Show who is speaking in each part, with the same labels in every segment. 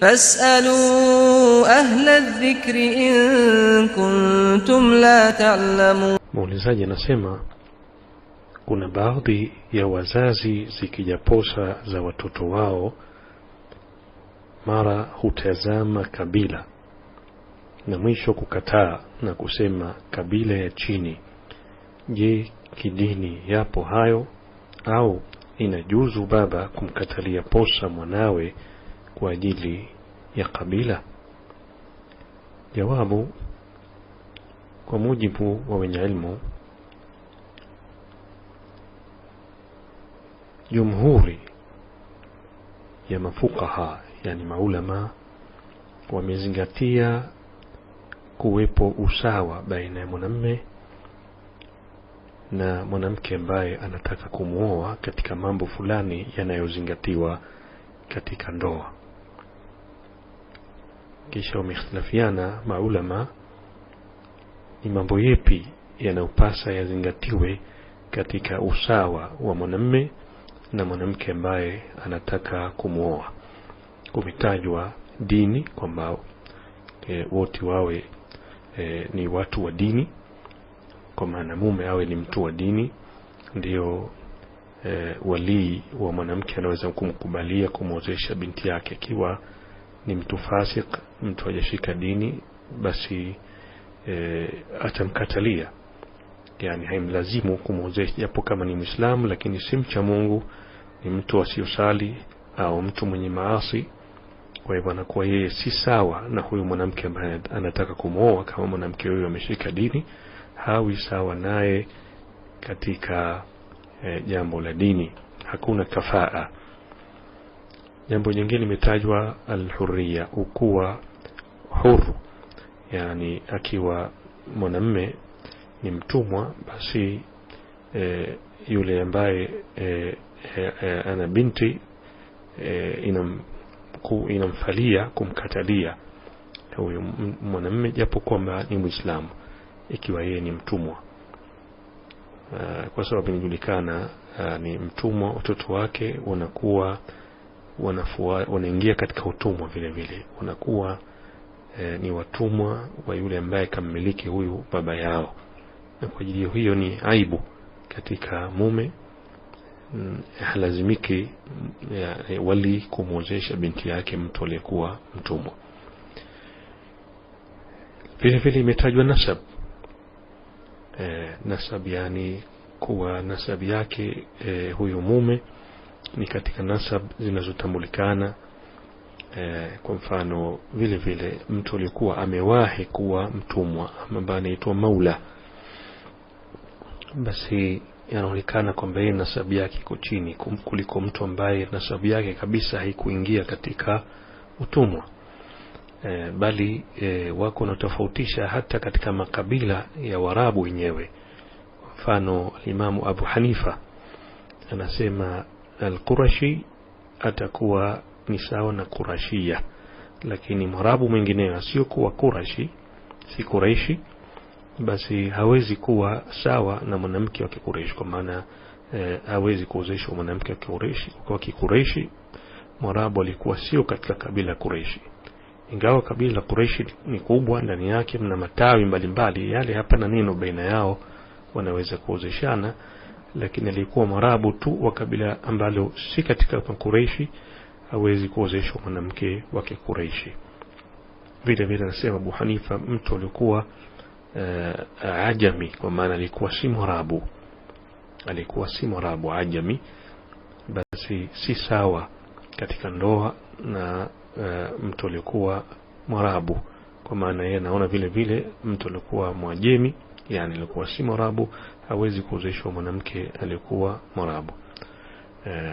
Speaker 1: Fas'alu ahla dhikri in kuntum la ta'lamun.
Speaker 2: Muulizaji anasema kuna baadhi ya wazazi zikijaposa za watoto wao mara hutazama kabila na mwisho kukataa na kusema kabila ya chini. Je, kidini yapo hayo au inajuzu baba kumkatalia posa mwanawe? kwa ajili ya kabila jawabu kwa mujibu wa wenye ilmu jumhuri ya mafukaha yani maulama wamezingatia kuwepo usawa baina ya mwanamme na mwanamke ambaye anataka kumwoa katika mambo fulani yanayozingatiwa katika ndoa kisha wamehitilafiana maulama ni mambo yepi yanayopasa yazingatiwe katika usawa wa mwanamme na mwanamke ambaye anataka kumwoa kumetajwa dini kwamba e, wote wawe e, ni watu wa dini kwa maana mume awe ni mtu wa dini ndio e, walii wa mwanamke anaweza kumkubalia kumwozesha binti yake akiwa ni mtu fasik mtu hajashika dini basi e, atamkatalia yani haimlazimu kumwozesha japo kama ni mwislamu lakini si mcha mungu ni mtu asiyosali au mtu mwenye maasi kwa hivyo anakuwa yeye si sawa na huyu mwanamke ambaye anataka kumwoa kama mwanamke huyu ameshika dini hawi sawa naye katika e, jambo la dini hakuna kafaa jambo jingine limetajwa alhuria ukuwa huru yani akiwa mwanamme ni mtumwa basi e, yule ambaye e, e, e, ana binti e, inam, ku, inamfalia kumkatalia huyo mwanamme japo kwamba ni mwislamu ikiwa yeye ni mtumwa ah, kwa sababu inajulikana ah, ni mtumwa watoto wake wanakuwa wanafua, wanaingia katika utumwa vile vile wanakuwa e, ni watumwa wa yule ambaye kammiliki huyu baba yao na kwa ajili hiyo ni aibu katika mume mm, halazimiki ya, eh, eh, wali kumwozesha binti yake mtu aliyekuwa mtumwa vile vile imetajwa nasab e, nasab yani kuwa nasab yake e, huyu mume ni katika nasab zinazotambulikana e, kwa mfano vile vile mtu aliyekuwa amewahi kuwa mtumwa ambaye anaitwa maula basi yanaonekana kwamba yeye nasabu yake iko chini kuliko mtu ambaye nasabu yake kabisa haikuingia katika utumwa e, bali e, wako wanatofautisha hata katika makabila ya Warabu wenyewe. Mfano Alimamu Abu Hanifa anasema Al-Qurashi atakuwa ni sawa na Qurashia, lakini mwarabu mwingineyo asiyokuwa Qurashi, si Quraishi, basi hawezi kuwa sawa na mwanamke wa Kikureishi, kwa maana eh, hawezi kuozeshwa mwanamke wa Kikureishi. Mwarabu alikuwa sio katika kabila Qurashi, ingawa kabila la Qurashi ni kubwa, ndani yake mna matawi mbalimbali mbali, yale hapana neno baina yao, wanaweza kuozeshana lakini alikuwa mwarabu tu wa kabila ambalo si katika makureishi hawezi kuozeshwa mwanamke wa kikureishi vile vile anasema Abu Hanifa mtu alikuwa uh, ajami kwa maana alikuwa si mwarabu alikuwa si mwarabu ajami basi si sawa katika ndoa na uh, mtu alikuwa mwarabu kwa maana yeye anaona vile vile mtu alikuwa mwajemi yani alikuwa si mwarabu hawezi kuozeshwa mwanamke aliyekuwa mwarabu e,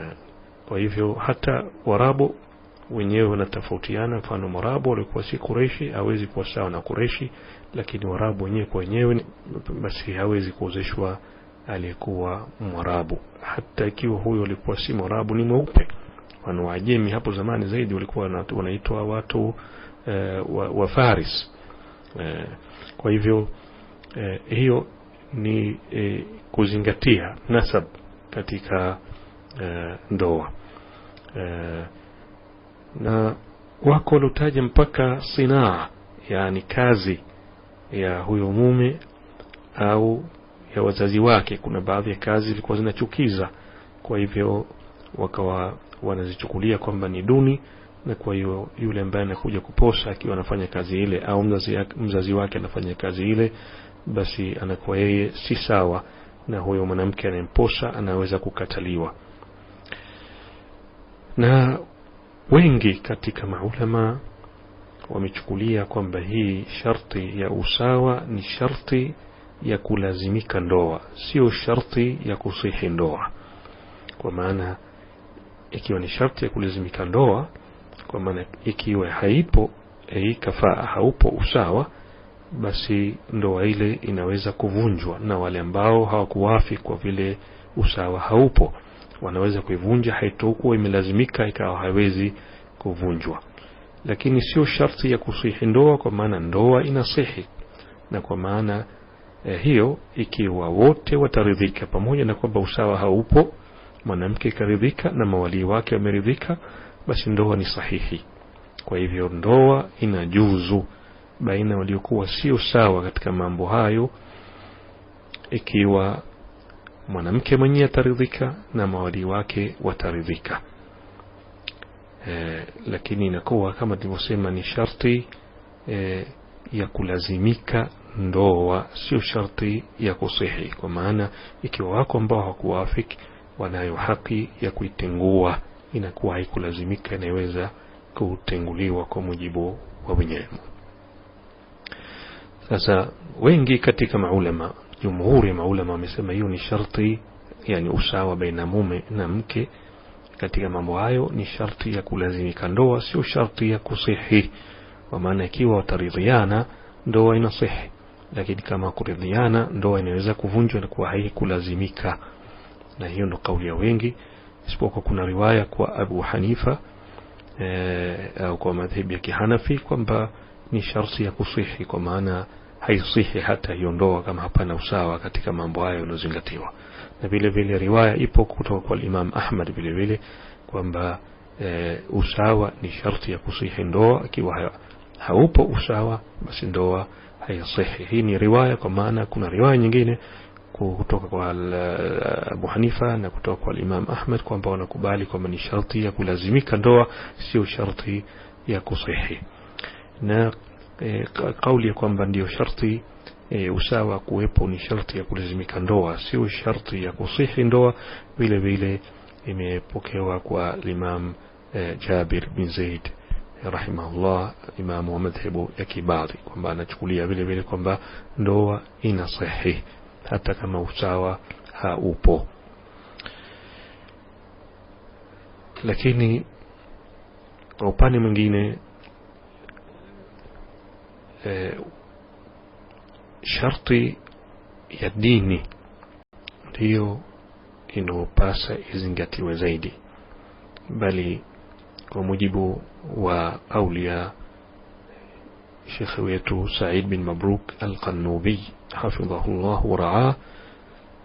Speaker 2: kwa hivyo hata warabu wenyewe wanatofautiana. Mfano, mwarabu alikuwa si Kureshi hawezi kuwa sawa na Kureshi, lakini warabu wenyewe kwa wenyewe basi hawezi kuozeshwa aliyekuwa mwarabu, hata ikiwa huyo alikuwa si mwarabu, ni mweupe. Wana Waajemi hapo zamani zaidi walikuwa wanaitwa watu e, wa, wa Faris e, kwa hivyo e, hiyo ni e, kuzingatia nasab katika e, ndoa e, na wako waliotaja mpaka sinaa yani kazi ya huyo mume au ya wazazi wake kuna baadhi ya kazi zilikuwa zinachukiza kwa hivyo wakawa wanazichukulia kwamba ni duni na kwa hiyo yule ambaye anakuja kuposa akiwa anafanya kazi ile au mzazi, mzazi wake anafanya kazi ile basi anakuwa yeye si sawa na huyo mwanamke anayemposa anaweza kukataliwa na wengi katika maulama wamechukulia kwamba hii sharti ya usawa ni sharti ya kulazimika ndoa sio sharti ya kusihi ndoa kwa maana ikiwa ni sharti ya kulazimika ndoa kwa maana ikiwa haipo hii kafaa haupo usawa basi ndoa ile inaweza kuvunjwa na wale ambao hawakuwafi kwa vile usawa haupo wanaweza kuivunja haitokuwa imelazimika ikawa hawezi kuvunjwa lakini sio sharti ya kusihi ndoa kwa maana ndoa inasihi na kwa maana eh, hiyo ikiwa wote wataridhika pamoja na kwamba usawa haupo mwanamke ikaridhika na mawalii wake wameridhika basi ndoa ni sahihi kwa hivyo ndoa inajuzu baina waliokuwa sio sawa katika mambo hayo ikiwa mwanamke mwenyewe ataridhika na mawali wake wataridhika e, lakini inakuwa kama tulivyosema ni sharti e, ya kulazimika ndoa sio sharti ya kusihi kwa maana ikiwa wako ambao hawakuwafiki wanayo haki ya kuitengua inakuwa haikulazimika inaweza kutenguliwa kwa mujibu wa Mwenyezi sasa wengi katika maulama, jumhuri maulama wamesema hiyo ni sharti, yani usawa baina mume na mke katika mambo hayo ni sharti ya kulazimika ndoa, sio sharti ya kusihi, kwa maana ikiwa wataridhiana ndoa inasihi, lakini kama kuridhiana ndoa inaweza kuvunjwa na kuwa haikulazimika, na hiyo ndo kauli ya wengi, isipokuwa kuna riwaya kwa Abu Hanifa eh, au kwa madhhabi ya Kihanafi kwamba ni sharti ya kusihi, kwa maana haisihi hata iondoa kama hapana usawa katika mambo hayo yanozingatiwa. Na vile vile riwaya ipo kutoka kwa Imam Ahmad vile vile kwamba e, usawa ni sharti ya kusihi ndoa. Akiwa haupo usawa, basi ndoa haisihi. Hii ni riwaya, kwa maana kuna riwaya nyingine kutoka kwa e, Abu Hanifa na kutoka kwa Imam Ahmad kwamba wanakubali kwamba ni sharti ya kulazimika ndoa, sio sharti ya kusihi na e, kauli ya kwamba ndio sharti e, usawa kuwepo ni sharti ya kulazimika ndoa, sio sharti ya kusihi ndoa. Vile vile imepokewa kwa Imam e, Jabir bin Zaid rahimahullah, imamu wa madhehebu ya Kibali, kwamba anachukulia vile vile kwamba ndoa ina sahihi hata kama usawa haupo, lakini kwa upande mwingine sharti ya dini ndiyo inayopasa izingatiwe zaidi, bali kwa mujibu wa aulia shekhe wetu Said bin Mabruk Al-Qanubi hafidhahullah waraah,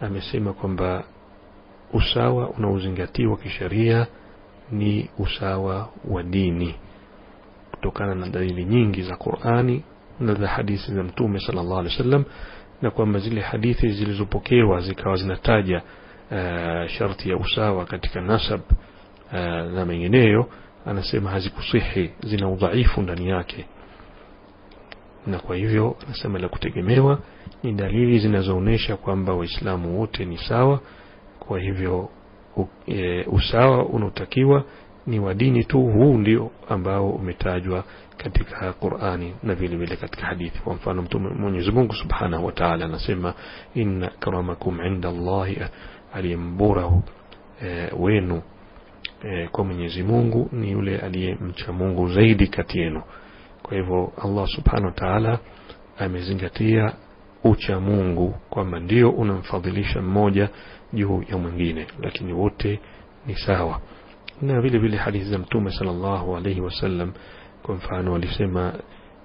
Speaker 2: amesema kwamba usawa unaozingatiwa kisheria ni usawa wa dini kutokana na dalili nyingi za Qur'ani na za hadithi za mtume sallallahu alaihi wasallam na kwamba zile hadithi zilizopokewa zikawa zinataja uh, sharti ya usawa katika nasab uh, na mengineyo anasema hazikusihi zina udhaifu ndani yake na kwa hivyo anasema la kutegemewa ni dalili zinazoonyesha kwamba waislamu wote ni sawa kwa hivyo e, usawa unaotakiwa ni wa dini tu huu ndio ambao umetajwa katika Qur'ani na vile vile katika hadithi kwa mfano mtume Mwenyezi Mungu Subhanahu wa Ta'ala anasema inna karamakum inda Allahi aliyemborahu e, wenu e, kwa Mwenyezi Mungu ni yule aliyemcha Mungu zaidi kati yenu kwa hivyo Allah Subhanahu wa Ta'ala amezingatia ucha Mungu kwamba ndio unamfadhilisha mmoja juu ya mwingine lakini wote ni sawa Una bili hadith da mtume sallallahu alaihi wasallam kwa mfano alisema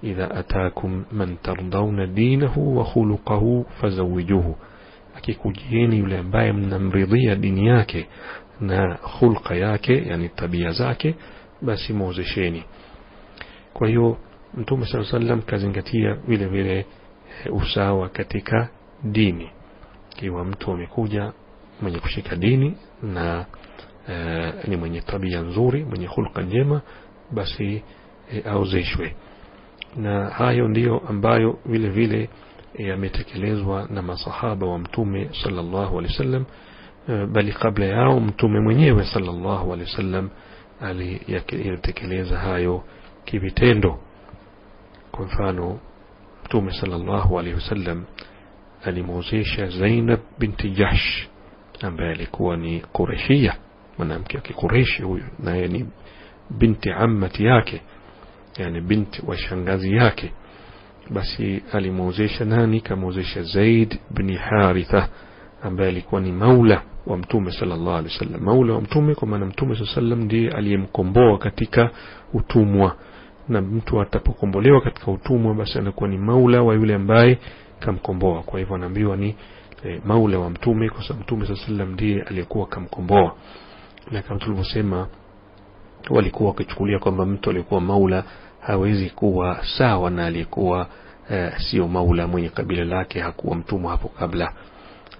Speaker 2: idha atakum man tardawna dinahu wa khuluquhu fazawijuhu, akikujieni yule ambaye mnamridhia dini yake na hulka yake, yani tabia zake, basi mwozesheni. Kwa hiyo Mtume sala sallam kazingatia vile vile usawa katika dini, ikiwa mtu amekuja mwenye kushika dini na Eh, ni mwenye tabia nzuri mwenye hulka njema basi eh, aozeshwe na hayo ndiyo ambayo vile vile eh, yametekelezwa na masahaba wa mtume sallallahu alaihi wasallam bali kabla yao mtume mwenyewe sallallahu alaihi wasallam aliyatekeleza hayo kivitendo kwa mfano mtume sallallahu alaihi wasallam alimwozesha Zainab binti Jahsh ambaye alikuwa ni Qureshia mwanamke wa kikureshi huyu naye ni binti ammati yake yani binti wa shangazi yake basi alimwozesha nani kamwozesha zaid bni haritha ambaye alikuwa ni maula wa mtume sallallahu alaihi wasallam maula wa mtume kwa maana mtume saa alaihi ndiye aliyemkomboa katika utumwa na mtu atapokombolewa katika utumwa basi anakuwa ni maula wa yule ambaye kamkomboa kwa hivyo anaambiwa ni e, maula wa mtume kwa sababu mtume saa alaihi ndiye aliyekuwa kamkomboa na kama tulivyosema walikuwa wakichukulia kwamba mtu aliyekuwa maula hawezi kuwa sawa na aliyekuwa eh, sio maula mwenye kabila lake hakuwa mtumwa hapo kabla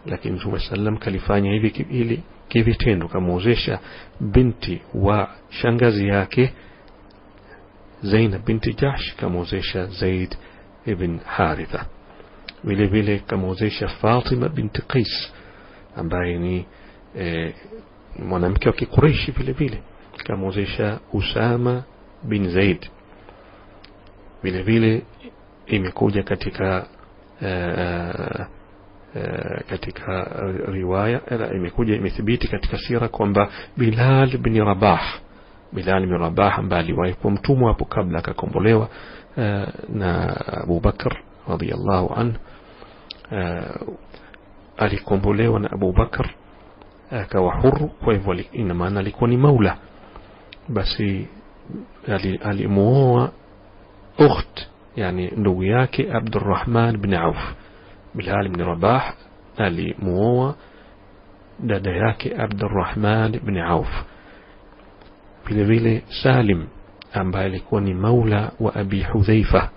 Speaker 2: lakini mtume sallam kalifanya hivi ili kivitendo kamwozesha binti wa shangazi yake Zainab binti Jahsh kamwozesha Zaid ibn Haritha vile vile kamwozesha Fatima binti Qais ambaye ni eh, mwanamke wa kikureishi vile vile ikamwozesha Usama bin Zaid vile vile imekuja katika katika riwaya uh, imekuja imethibiti katika sira kwamba Bilal bin Rabah Bilal bin Rabah ambaye aliwahi kuwa mtumwa hapo kabla akakombolewa na Abu Bakr radhiallahu anhu alikombolewa na Abu Bakr akawa huru kwa hivyo ina maana alikuwa ni maula basi alimuoa ukht yani ndugu yake Abdurrahman bin Auf Bilal bin Rabah alimuoa dada yake Abdurrahman bin Auf vile vile Salim ambaye alikuwa ni maula wa Abi Hudhaifa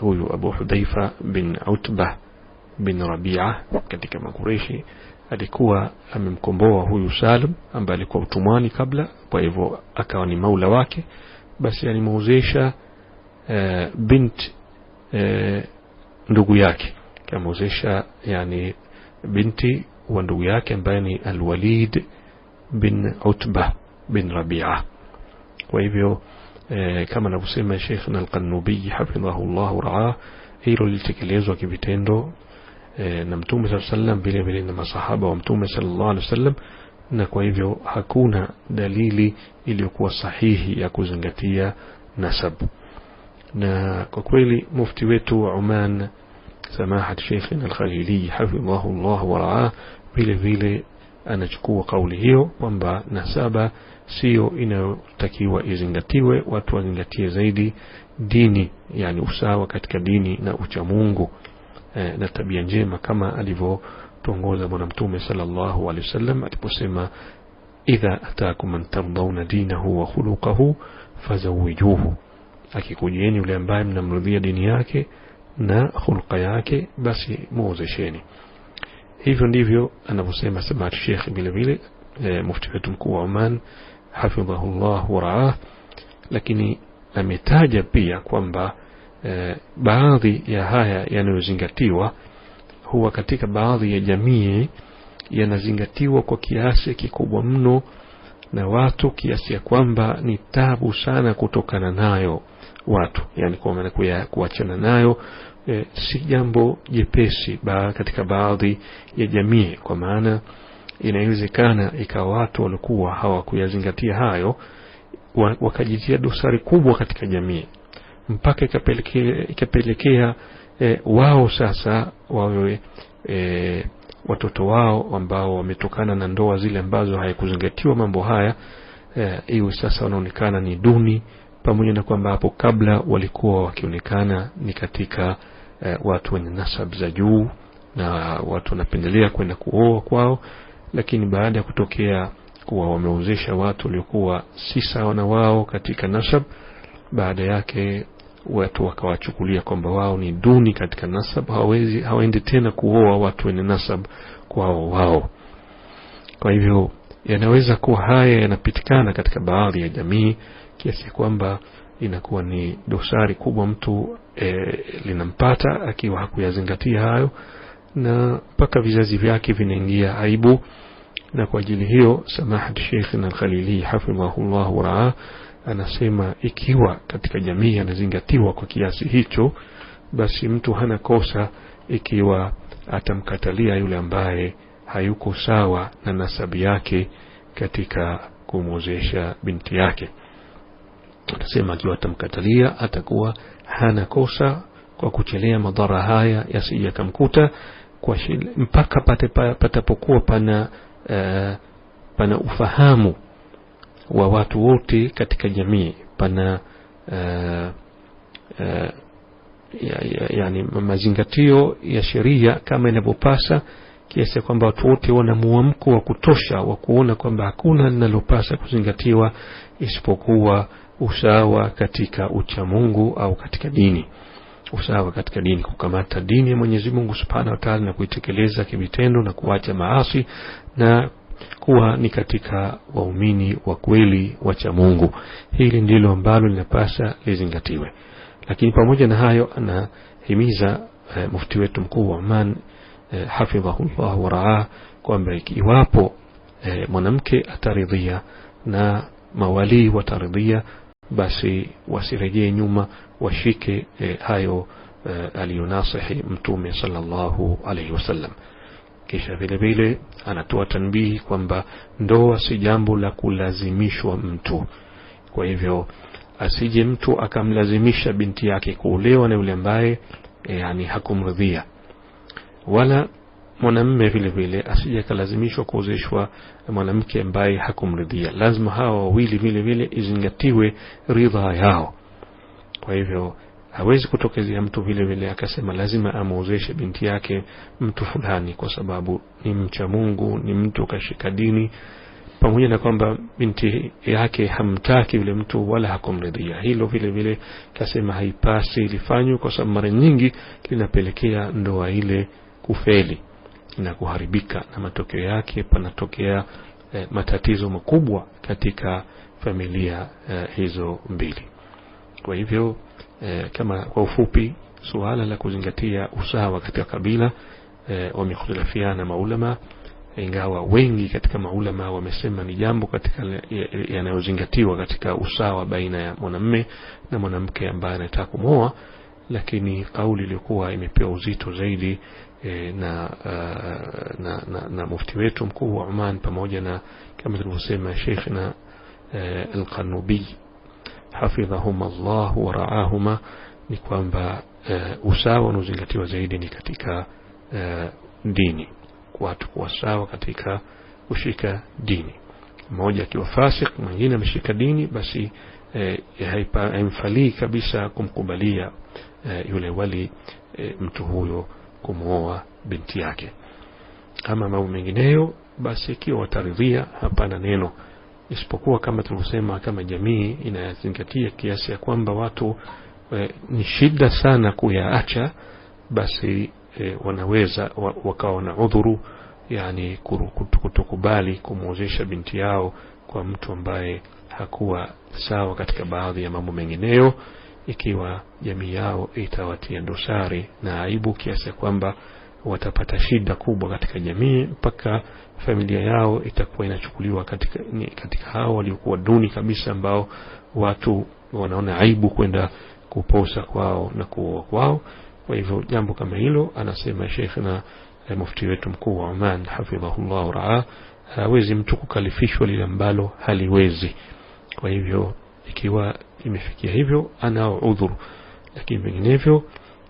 Speaker 2: huyu Abu Hudhaifa bin Utbah bin Rabi'a katika makureshi alikuwa amemkomboa huyu Salum ambaye alikuwa utumwani kabla, kwa hivyo akawa ni maula wake. Basi alimuozesha e, bint e, ndugu yake, kamuozesha yani binti wa ndugu yake ambaye ni Alwalid bin Utba bin Rabia. Kwa hivyo e, kama anavyosema Sheikhna Alqanubi hafidhahu llahu raah, hilo lilitekelezwa kivitendo Eh, na mtume sallallahu alaihi vile vile na masahaba wa mtume sallallahu alaihi wasallam na kwa hivyo hakuna dalili iliyokuwa sahihi ya kuzingatia nasab na kwa kweli mufti wetu wa Oman samahat Sheikhina Al-Khalili hafidhahullah waraa vile vile anachukua kauli hiyo kwamba nasaba sio inayotakiwa izingatiwe watu wazingatie zaidi dini yani usawa katika dini na uchamungu Eh, na tabia njema kama alivyotuongoza bwana mtume sallallahu alaihi wasallam aliposema idha atakum man tardawna dinahu wa khuluqahu fazawijuhu akikujieni yule ambaye mnamridhia dini yake na khulqa yake basi muozesheni hivyo ndivyo anavyosema samat sheikh vile vile e, mufti wetu mkuu wa Oman hafidhahullah waraah lakini ametaja pia kwamba Eh, baadhi ya haya yanayozingatiwa huwa katika baadhi ya jamii yanazingatiwa kwa kiasi kikubwa mno na watu kiasi ya kwamba ni tabu sana kutokana nayo watu yani kwa maana kuachana nayo e, si jambo jepesi ba, katika baadhi ya jamii kwa maana inawezekana ikawa watu walikuwa hawakuyazingatia hayo wakajitia dosari kubwa katika jamii mpaka ikapelekea e, wao sasa wawe e, watoto wao ambao wametokana na ndoa zile ambazo hayakuzingatiwa mambo haya e, sasa wanaonekana ni duni pamoja na kwamba hapo kabla walikuwa wakionekana ni katika e, watu wenye nasab za juu na watu wanapendelea kwenda kuoa kwao lakini baada ya kutokea kuwa wameozesha watu waliokuwa si sawa na wao katika nasab baada yake watu wakawachukulia kwamba wao ni duni katika nasab hawawezi hawaendi tena kuoa watu wenye nasab kwao wao kwa hivyo yanaweza kuwa haya yanapitikana katika baadhi ya jamii kiasi kwamba inakuwa ni dosari kubwa mtu e, linampata akiwa hakuyazingatia hayo na mpaka vizazi vyake vinaingia aibu na kwa ajili hiyo samahati Sheikh Al-Khalili hafidhahullah raa anasema ikiwa katika jamii anazingatiwa kwa kiasi hicho, basi mtu hana kosa ikiwa atamkatalia yule ambaye hayuko sawa na nasabi yake katika kumwozesha binti yake. Anasema akiwa atamkatalia atakuwa hana kosa kwa kuchelea madhara haya yasije yakamkuta kwa mpaka patapokuwa pana, uh, pana ufahamu wa watu wote katika jamii pana uh, uh, ya, ya, yani mazingatio ya sheria kama inavyopasa kiasi ya kwamba watu wote wana muamko wa kutosha wa kuona kwamba hakuna linalopasa kuzingatiwa isipokuwa usawa katika uchamungu au katika dini usawa katika dini kukamata dini ya Mwenyezi Mungu Subhanahu wa Ta'ala na kuitekeleza kivitendo na kuacha maasi na kuwa ni katika waumini wa kweli cha Mungu. Hili ndilo ambalo linapasa lizingatiwe. Lakini pamoja na hayo, anahimiza eh, mufti wetu mkuu wa Oman eh, hafidhahullah raa kwamba iwapo eh, mwanamke ataridhia na mawalii wataridhia, basi wasirejee nyuma, washike eh, hayo eh, aliyonasihi Mtume sallallahu alaihi wasallam. Kisha vile vile anatoa tanbihi kwamba ndoa si jambo la kulazimishwa mtu. Kwa hivyo asije mtu akamlazimisha binti yake kuolewa na yule ambaye eh, yani hakumridhia, wala mwanamme vile vile asije akalazimishwa kuozeshwa mwanamke ambaye hakumridhia. Lazima hawa wawili vile vile izingatiwe ridhaa yao. Kwa hivyo hawezi kutokezea mtu vile vile akasema lazima amuozeshe binti yake mtu fulani kwa sababu ni mcha Mungu ni mtu kashika dini pamoja na kwamba binti yake hamtaki yule mtu wala hakumridhia hilo vile vile kasema haipasi ilifanywe kwa sababu mara nyingi linapelekea ndoa ile kufeli na kuharibika na matokeo yake panatokea eh, matatizo makubwa katika familia eh, hizo mbili kwa hivyo e, kama kwa ufupi suala la kuzingatia usawa katika kabila e, eh, wamekhtalafiana maulama ingawa wengi katika maulama wamesema ni jambo katika yanayozingatiwa katika usawa baina ya mwanamme na mwanamke ambaye anataka kumoa lakini kauli iliyokuwa imepewa uzito zaidi e, na, uh, na, na, na mufti wetu mkuu wa Oman pamoja na kama tulivyosema na e, Al-Qanubi hafidhahuma Allah wa raahuma ni kwamba uh, usawa unaozingatiwa zaidi ni katika uh, dini watu kuwa sawa katika kushika dini mmoja akiwa fasik mwingine ameshika dini basi e, haimfalii kabisa kumkubalia e, yule wali e, mtu huyo kumwoa binti yake ama mambo mengineyo basi ikiwa wataridhia hapana neno isipokuwa kama tulivyosema kama jamii inazingatia kiasi ya kwamba watu e, ni shida sana kuyaacha basi e, wanaweza wakawa na udhuru yani kutokubali kumwozesha binti yao kwa mtu ambaye hakuwa sawa katika baadhi ya mambo mengineyo ikiwa jamii yao itawatia dosari na aibu kiasi ya kwamba watapata shida kubwa katika jamii mpaka familia yao itakuwa inachukuliwa katika, ni, katika hao waliokuwa duni kabisa ambao watu wanaona aibu kwenda kuposa kwao na kuoa kwao kwa hivyo jambo kama hilo anasema na eh, mufti wetu mkuu wa Oman hafidhahullah raa hawezi mtu kukalifishwa lile ambalo haliwezi kwa hivyo ikiwa imefikia hivyo anao udhuru lakini vinginevyo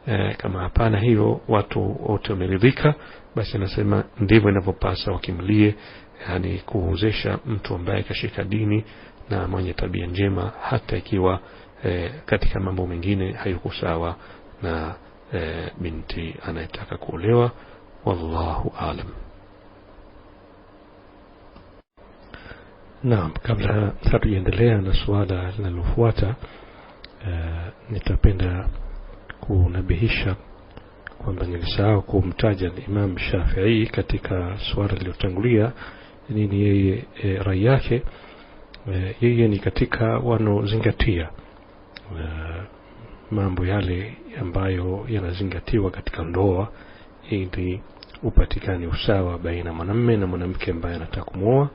Speaker 2: e, kama hapana hivyo watu wote wameridhika basi anasema ndivyo inavyopasa wakimlie yani kuozesha mtu ambaye kashika dini na mwenye tabia njema hata ikiwa e, katika mambo mengine hayuko sawa na e, binti anayetaka kuolewa wallahu alam naam kabla hatujaendelea na suala linalofuata e, nitapenda kunabihisha kwamba nilisahau kumtaja Imam Shafi'i katika suala lililotangulia nini yeye e, rai yake e, yeye ni katika wanaozingatia e, mambo yale ambayo yanazingatiwa katika ndoa ili upatikane usawa baina mwanamme na mwanamke ambaye anataka kumwoa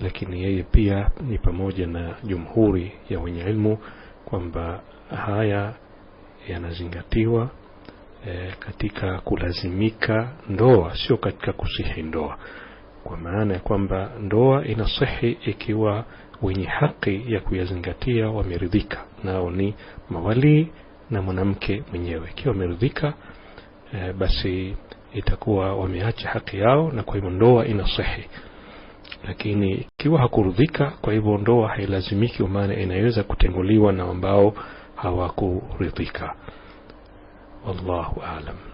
Speaker 2: lakini yeye pia ni pamoja na jumhuri ya wenye ilmu kwamba haya yanazingatiwa e, katika kulazimika ndoa, sio katika kusihi ndoa, kwa maana ya kwamba ndoa inasihi ikiwa wenye haki ya kuyazingatia wameridhika, nao ni mawalii na mwanamke mwenyewe. Ikiwa wameridhika e, basi itakuwa wameacha haki yao, na kwa hivyo ndoa inasihi lakini ikiwa hakuridhika, kwa hivyo ndoa hailazimiki, kwa maana inaweza kutenguliwa na ambao هواك رضيك والله أعلم